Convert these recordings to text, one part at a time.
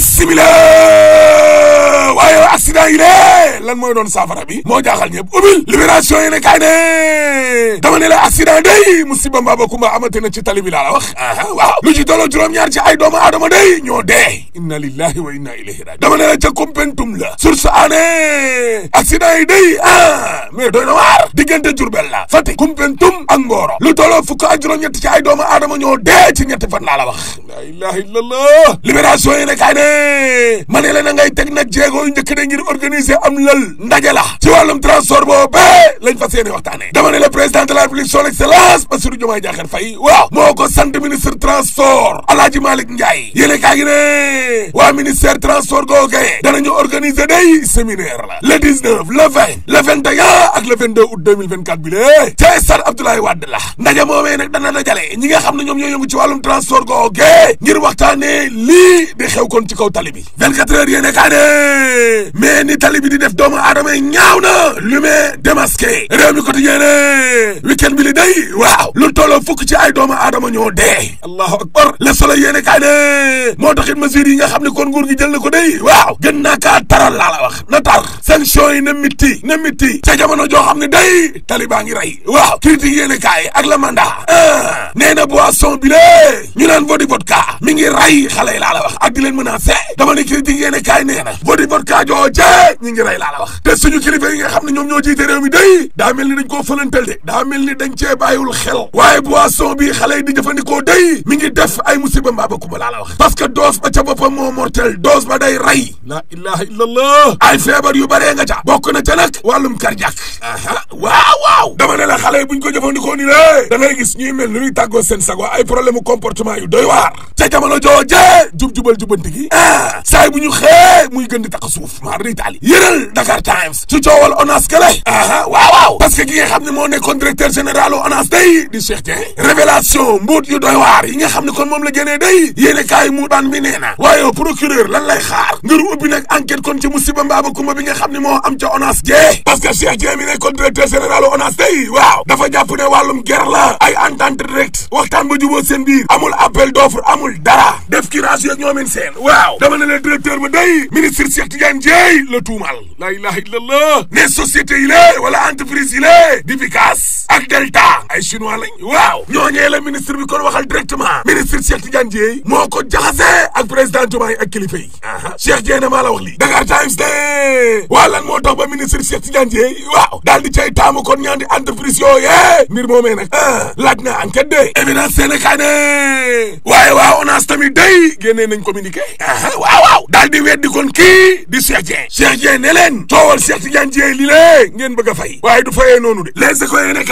bismillah waaye accident yi de lan mooy doon saafara bi moo jaaxal ñëpp ubil libération yi ne kaay ne dama ne la accident day musiba mbaaba kumba amate na ci tali bi laa la wax aha waaw lu ci tolloo juróom-ñaar ci ay doomu adama day ñoo dee inna lillahi wa inna ilayhi raji dama ne la ca kompentum la source ané accident yi day ah mais doy na waar diggante Diourbel la Fatick Koumpentoum ak Mboro lu tolloo fukk ak juróom-ñetti ci ay doomu aadama ñoo dee ci ñetti fan laa la wax la ilaha illallah libération yi ne kaay ne ma ne la na ngay teg nag njëkk ne ngir am lël ndaje la ci wàllum transport boobu lañ fas yéene waxtaane dama ne le président de la république son excellence Bassirou Diomaye Diakhar Faye waaw moo ko sant ministre transport Alaaji Malick Ndiaye yéene kaay gi ne waa ministère transport googee danañu organiser day séminaire la le 19 ak le 22 août 2024 bi lée ca stade Abdoulaye Wade la ndaje moomee nag dana dajale ñi nga xam ne ñoom ñoo yëngu ci wàllum transport googe ngir waxtaane lii di xew kon ci kaw tali bi 24 heures yéene kaa ne mais ni tali bi di def doomu aadama ñaaw na lu mee démasqué réew mi quotidien ne week-end waaw lu tolloo fukk ci ay doomu aadama ñoo dee allahu akbar le soleil yéene kaa ne moo taxit mesures yi nga xam ne kon nguur gi jël na ko day w gën naa kaa taral laa la wax na tar tension yi na mitti na mitti ca jamono joo xam ne day taliban ngi rey waaw critique yéene kaay ak la mandat ah nee na boisson bi ñu naan vodi vodka mi ngi rey xale yi laa la wax ak di leen a dama ne critique yéene kaay nee na vodi vodka jooje ñi ngi rey laa la wax te suñu kilifa yi nga xam ne ñoom ñoo jiite réew mi day daa mel ni dañ koo fëlantal de daa mel ni dañ cee xel waaye boisson bi xale di jëfandikoo day mi ngi def ay musiba mbaa ba kumba laa la wax parce que dose ba ca boppam moo mortel dose ba day rey yu bare yee nga ca bokk na ca nag wàllum cardiaque ah, waaw waaw dama la xale yi buñ ko jëfandikoo ni lé da ngay gis ñuy mel ni ñuy tàggoo seen sago ay problème mu comportement yu doy waar ca jamono jooje jub-jubal jubanti gi ah saay bu ñu xee muy gën di tax taali yëral Dakar Times ci coowal ONAS kale aha waaw waaw parce ki nga xam ne moo nekkoon directeur général ONAS day di Cheikh Dieng révélation mbuut yu doy waar yi nga xam ne kon moom la génnee day yéene xam ne moo am ca ONAS gee parce que Cheikh Dieng mi nekkoon directeur général ONAS tey waaw dafa jàpp ne wàllum guerre la ay entente direct waxtaan ba jubóo seen biir amul appel d'offre amul dara def curage yeeg ñoomin seen waaw dama ne leen directeur ba day ministre Cheikh Tidiane Dieye la tuumal la ilaha illallah ne société yi lée wala entreprise yi lée di ak Delta ay chinois lañ waaw ñooñee la ministre bi kon waxal directement ministre Cheikh Tidiane moo ko jaxase ak président Diomaye ak kilifa yi aha Cheikh la wax lii Dakar Times moo tax ba ministre Cheikh Tidiane Dièye waaw daal di cay taamu kon ñaan di entreprise moomee nag ah laaj na enquête de évidence Sénégal ne waaye waaw ONAS tamit day génnee nañ communiqué aha waaw waaw daal di weddi kon kii di Cheikh Dièye Cheikh Dièye ne leen coowal Cheikh Tidiane Dièye ngeen bëgg fay waaye du fayee noonu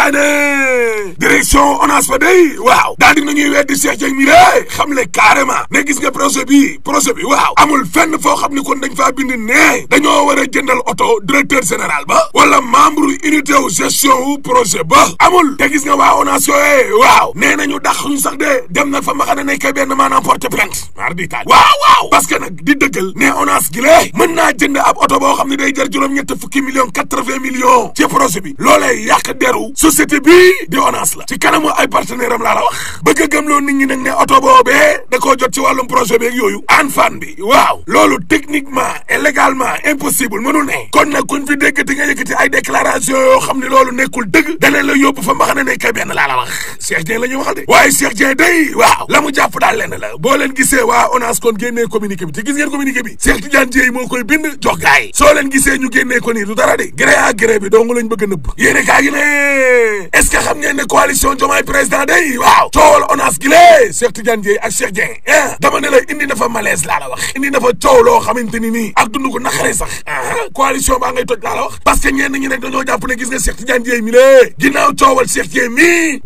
Sané direction ONAS fa day waaw daal di nañuy weddi Cheikh Dieng mi lé xam le carrément ne gis nga projet bi projet bi waaw amul fenn foo xam ni kon dañ faa bind ne dañoo war jëndal oto directeur général ba wala membre unité wu gestion wu projet ba amul te gis nga waa ONAS yooye waaw nee nañu dax ñu sax de dem nag fa ma xam ne nekkee benn maanaam porte plainte mar di taal waaw waaw parce que nag di dëggal ne ONAS gi lée mën naa jënd ab oto boo xam ne day jar juróom fukki million quatre-vingts millions ci projet bi yàq deru société bii di ONAS la ci kanamu ay partenaire am laa la wax bëgg a gëmloo nit ñi nag ne oto boobee da koo jot ci wàllum projet beeg yooyu an fan bi waaw loolu techniquement et légalement impossible mënul ne kon nag kuñ fi déggati nga yëkkati ay déclaration yoo xam ne loolu nekkul dëgg danañ la yóbbu fa mbaxana nekkee benn laa la wax Cheikh Dieng la ñuy waxal de waaye Cheikh Dieng day waaw la mu jàpp daal la boo leen gisee waa ONAS kon génnee communiqué bi te gis ngeen communiqué bi Cheikh Tidiane Dieng moo koy bind leen gisee ñu génnee ko nii du dara est ce que xam ngeen ne coalition président day waaw coowal ONAS gi lée Cheikh Tidiane Dièye ak Cheikh Dieng ah dama ne la indi na fa malaise laa la wax indi ni nii ak dund ko naqaree sax aa coalition baa ngay toj laa la coowal Cheikh Dieng mi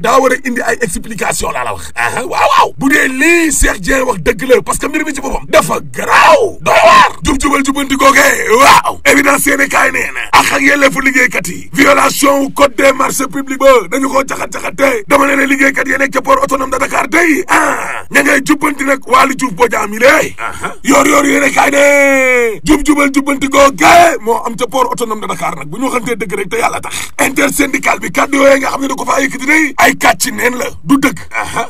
daa war a indi ay explication laa la wax aa waaw waaw bu dee lii Cheikh Dieng wax dëgg la parce que mbir mi ci boppam dafa garaaw doy waar jubanti googee waaw évidence yéene kaay nee na ak ak yelleefu liggéeykat yi violation bu code des marchés publics ba dañu koo caxat-caxatte dama ne ne liggéeykat yi nekk ca port autonome de Dakar day ah ña ngay jubbanti nag Waly Diouf Bodian mi lée yoor yoor yéene kaay ne jub-jubal jubbanti googe moo am ca port autonome de Dakar nag bu ñu waxantee dëgg rek te yàlla tax intersyndical bi kàddu yooyu nga xam ne da ko faa yëkkati day ay kàcci neen la du dëgg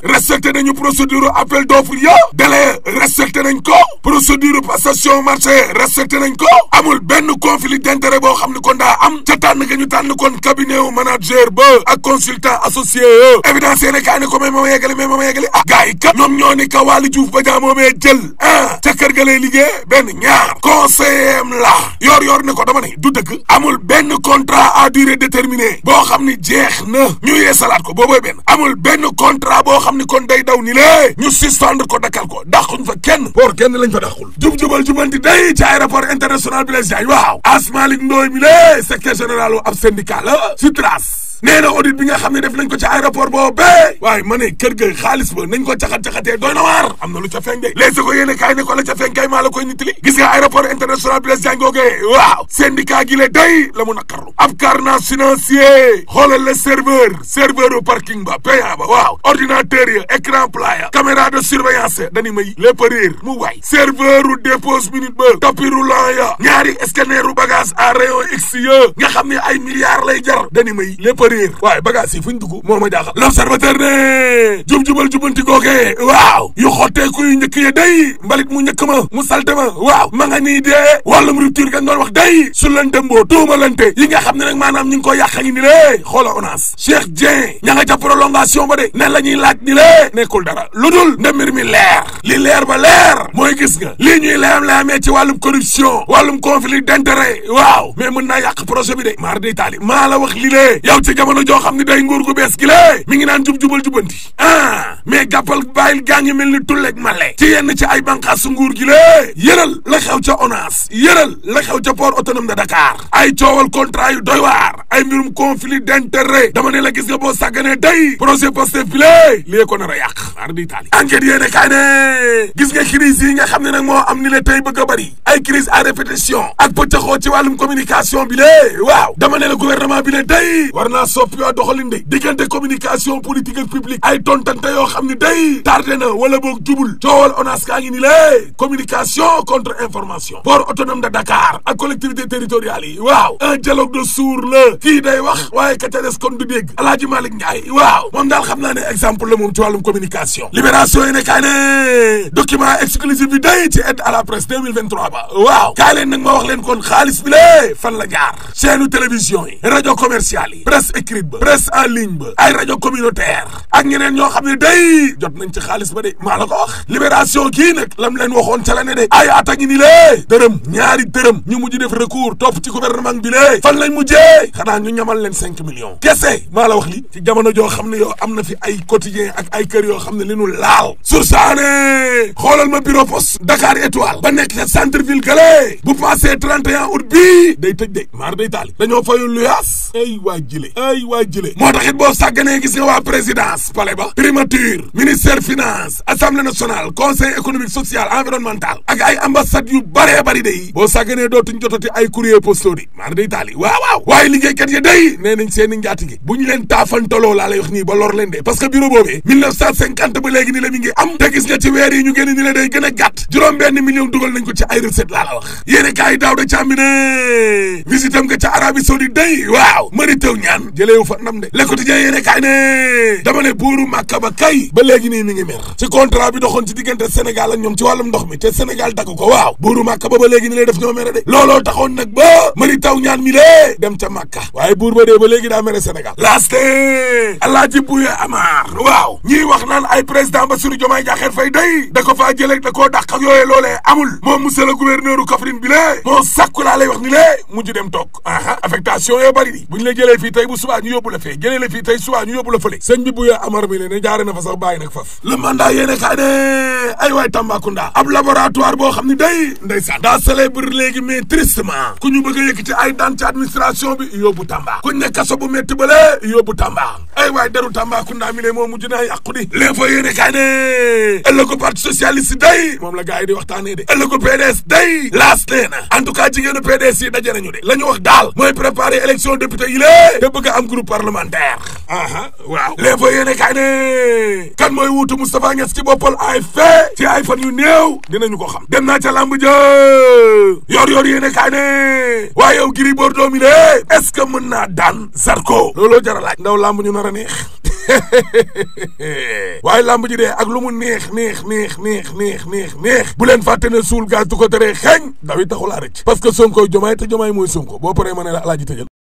respecté nañu procédure appel d'offre ya délai respecté nañ ko procédure passation marché respecté nañ ko amul benn conflit d'intérêt boo xam ne kon daa am ca tànn ñu tànn kon cabinet wu manager ba ak consultant associé yo évidence yéene kaay ne ko mais mooma yeggale mais mooma yeggale ah gars yi ñoom ñoo ni ka Waly Diouf ba jaa moomee jël ah ca kër ga lay liggéey benn ñaar conseiller am la yor yor ne ko dama ne du dëgg amul benn contrat à durée déterminée boo xam ni jeex na ñu yeesalaat ko boobooy benn amul benn kontra boo xam ni kon day daw ni lée ñu suspendre ko dakkal ko dàquñ fa kenn pour kenn lañ fa dàqul jub-jubal jubanti day ci aéroport international Blaise Diagne waaw Asmalik la se traz! nee na audit bi nga xam ne def nañ ko ci aéroport boobee waaye ma ne kër ga xaalis ba nañ ko caxat-caxatee doy na waar am na lu ca feeñ de léegi ko yéene kaay ne ko la ca feeñ kay maa la koy nittali gis nga aéroport international Blaise Diagne googee waaw syndicat gi le day la mu naqarlu ab carnage financier xoolal la serveur serveur parking ba payant ba waaw ordinateur ya écran plat ya caméra de surveillance dañu may lépp réer mu waay serveur u dépose minute ba tapis roulant ya ñaari scanneru bagage à ay milliards lay jar dañu may dafa réer waaye bagage yi fu ñu dugg moo ma jaaxal l'observateur ne jub-jubal jubanti googee waaw yu xotteeku yu njëkk ya day mbalit mu njëkk ma mu salte ma waaw ma nga nii dee wàllum rupture kan doon wax day su lan demboo tuumalante yi nga xam ne nag maanaam ñu ko yàq ngi ni lée xoola ONAS Cheikh Dieng ña nga ca prolongation ba de nan la ñuy laaj ni lée nekkul dara lu dul ndemir mi leer li leer ba leer mooy gis nga lii ñuy layam-layamee ci wàllum corruption wàllum conflit d'intérêt jamono joo xam ne day nguur gu bees gi lée mi ngi naan jub-jubal jubanti ah mais jàppal bàyyil gaa mel ni tulleeg male ci yenn ci ay banqaasu nguur gi lée yëral la xew ca ONAS yëral la xew ca port autonome de Dakar ay coowal contrat yu doy waar ay mbirum conflit d'intérêt dama ne la gis nga boo sàgganee day projet Pastef bi lée lée ko nar a yàq ar di taali enquête yéene kaay ne gis nga crise yi nga xam ne nag moo am ni le tey bëgg a bëri ay crise à répétition soppiwaat doxalin de diggante communication politique ak publique ay tontante yoo xam ni day tardé na wala boog jubul coowal ONAS kaa ngi ni lée communication contre information port autonome de Dakar ak collectivité territoriale yi waaw un dialogue de sourds la kii day wax waaye ka ca kon du dégg Alaaji Malick Ndiaye waaw moom daal xam naa ne exemple la moom ci wàllum communication libération yi ne kaa ne document exclusif bi day ci aide à la presse 2023 ba waaw kaa leen nag ma wax leen kon xaalis bi lée yi écrite ba presse en ligne ba ay rajo communautaire ak ñeneen ñoo xam ne day jot nañ ci xaalis ba de maa la ko kii nag lam leen waxoon ca de ay ata ngi ni lée ñaari dërëm ñu mujj def recours topp ci gouvernement bi lée fan lañ mujjee xanaa ñu ñamal leen cinq millions kese maa la wax li ci jamono joo xam ne yow am na fi ay quotidien ak ay kër yoo xam ne li nu laal sursaane xoolal ma bureau poste Dakar étoile ba nekk ca centre ville galé bu passé 31 ay waay jëlee moo tax boo sàgganee gis nga waa présidence palais ba primature ministère finance assemblée nationale conseil économique social environnemental ak ay ambassade yu baree bari day boo sàgganee dootuñ jotati ay courrier postaux di maar day taali waaw waaw waaye liggéeykat yi day nee nañ seen i gi bu ñu leen taafantaloo laa lay wax nii ba leen de parce que bureau boobee 1950 ba mi ngi am te gis nga ci weer ñu génn ni la gën a gàtt juróom jëleewu fa ndam de Le Quotidien yéene ba kay ba léegi nii mi ngi mer ci contrat bi doxoon ci diggante Sénégal ak ñoom ci wàllum ndox mi te Sénégal dagg ko waaw buuru Màkka ba ba léegi nii lay ñoo mere de looloo taxoon nag ba mari taw ñaan mi lee dem ca Màkka waaye buur ba dee ba léegi daa mere Sénégal laaste Alaaji Buye Amar waaw ñiy wax naan ay président Bassirou Diomaye Diakhar Faye day da ko faa jëlee da koo dàq ak yooyee amul moo sàkku laa lay wax ni lee mujj dem toog aha affectation yoo bari di bu ñu la jëlee fii tey bu subaa ñu yóbbu la fee jëlee la fii tey subaa ñu yóbbu la fële sëñ bi buya amar bi ne jaare na fa sax bàyyi nag faf le mandat yéene ay waay Tambacounda ab laboratoire boo xam ne day ndeysaan daa célèbre léegi mais tristement ku ñu bëgg a yëkkati ay daan ci administration bi yóbbu Tamba ku ne kaso bu métti bale yóbbu Tamba ay waay deru Tambacounda mi le moo mujj naa yàqu di l'info yéene kaay ne ëllëgu parti socialiste day moom la gars yi di waxtaanee de ëllëgu PDS day laas nee na tout cas jigéenu PDS yi daje de la ñu wax daal mooy préparer nga am groupe parlementaire aha waaw lépp yéene kaay kan mooy wuutu Moustapha Niass ci boppal AFP ci ay fan yu néew dinañu ko xam dem naa ca làmb ja yor yor yéene kaay ne waaye yow Gris Bordeaux mi de est-ce que mën naa daan Zarko looloo jar a laaj ndaw làmb ñu nar a neex waaye làmb ak lu mu neex neex neex neex neex neex neex bu leen fàtte ne suul gaz du daw yi taxulaa parce que Sonko jomaay te jomaay mooy Sonko boo paree ma ne la